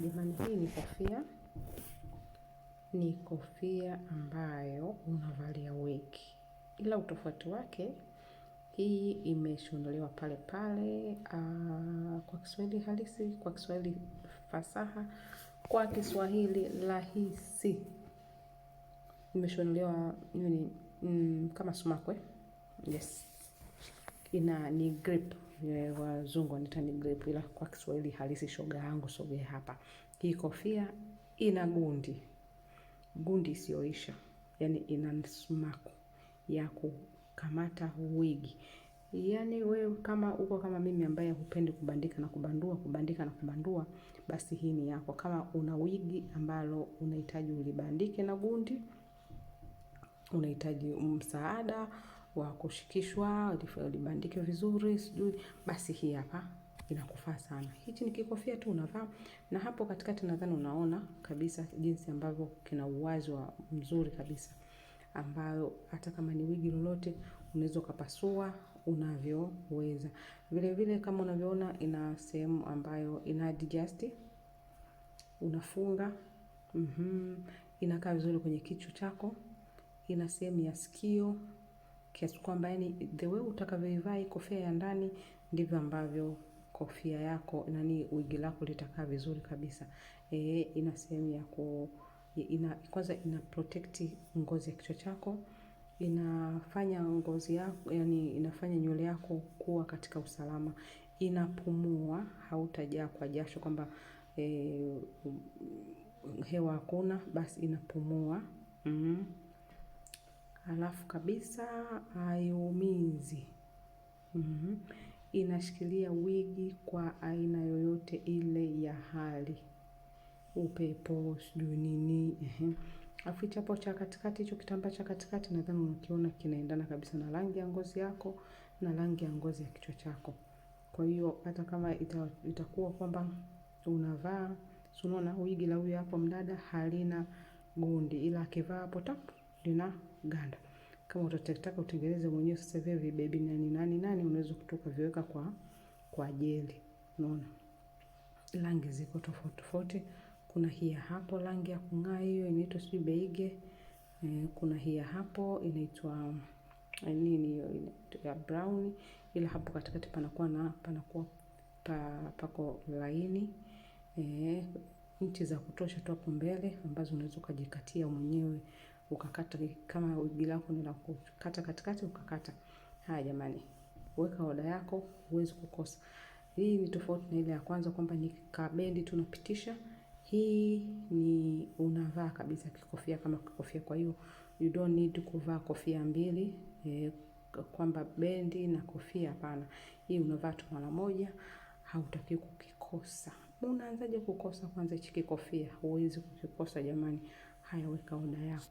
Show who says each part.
Speaker 1: jamani, hii ni kofia, ni kofia ambayo unavalia wiki, ila utofauti wake hii imeshondolewa pale pale. Aa, ah, kwa Kiswahili halisi, kwa Kiswahili fasaha, kwa Kiswahili rahisi imeshondolewa nini, mm, kama sumakwe. Yes ina ni grip wazungu wanaita ni grip ila kwa Kiswahili halisi shoga yangu sogee hapa. Hii kofia ina gundi, gundi isiyoisha, yani ina msmaku ya kukamata wigi. Yani wewe kama uko kama mimi ambaye hupendi kubandika na kubandua, kubandika na kubandua, basi hii ni yako. Kama una wigi ambalo unahitaji ulibandike na gundi, unahitaji msaada wa kushikishwa, libandike vizuri, sijui basi hii hapa inakufaa sana. Hichi ni kikofia tu unavaa, na hapo katikati nadhani unaona kabisa jinsi ambavyo kina uwazi wa mzuri kabisa, ambayo hata kama ni wigi lolote unaweza ukapasua unavyoweza. Vile vile kama unavyoona, ina sehemu ambayo ina adjust, unafunga mm -hmm. Inakaa vizuri kwenye kichwa chako, ina sehemu ya sikio kiasi kwamba yani the way utakavyoivaa hii kofia ya ndani ndivyo ambavyo kofia yako nani wigi lako litakaa vizuri kabisa. E, ina sehemu ya ku ina kwanza ina protect ngozi ya kichwa chako, inafanya ngozi yako yani inafanya nywele yako kuwa katika usalama, inapumua, hautajaa kwa jasho kwamba e, hewa hakuna, basi inapumua mm -hmm alafu kabisa haiumizi. Mm -hmm. Inashikilia wigi kwa aina yoyote ile ya hali, upepo, sijui nini. Alafu chapo cha katikati, hicho kitambaa cha katikati nadhani unakiona kinaendana kabisa na rangi ya ngozi yako na rangi ya ngozi ya kichwa chako. Kwa hiyo hata kama ita, itakuwa kwamba unavaa, unaona wigi la huyu hapo mdada halina gundi, ila akivaa hapo tapu ganda. Kama utatakataka utengeneze mwenyewe sasa vile vibebi nani nani nani, unaweza kutoka viweka kwa kwa jeli. Unaona rangi ziko tofauti tofauti. Kuna hii hapo rangi ya kung'aa, hiyo inaitwa si beige. Eh, kuna hii hapo inaitwa eh, nini hiyo ya brown, ila hapo katikati panakuwa na panakuwa pa, pako laini e, nchi za kutosha tu hapo mbele ambazo unaweza ukajikatia mwenyewe ukakata kama wigi lako ni la kukata katikati ukakata. Haya jamani, weka oda yako, huwezi kukosa. Hii ni tofauti na ile ya kwanza kwamba ni kabendi tunapitisha. Hii ni unavaa kabisa kikofia kama kikofia, kwa hiyo you don't need kuvaa kofia mbili eh, kwamba bendi na kofia hapana. Hii unavaa tu mara moja, hautaki kukikosa. Unaanzaje kukosa kwanza hichi kikofia? Huwezi kukikosa jamani. Haya, weka oda yako.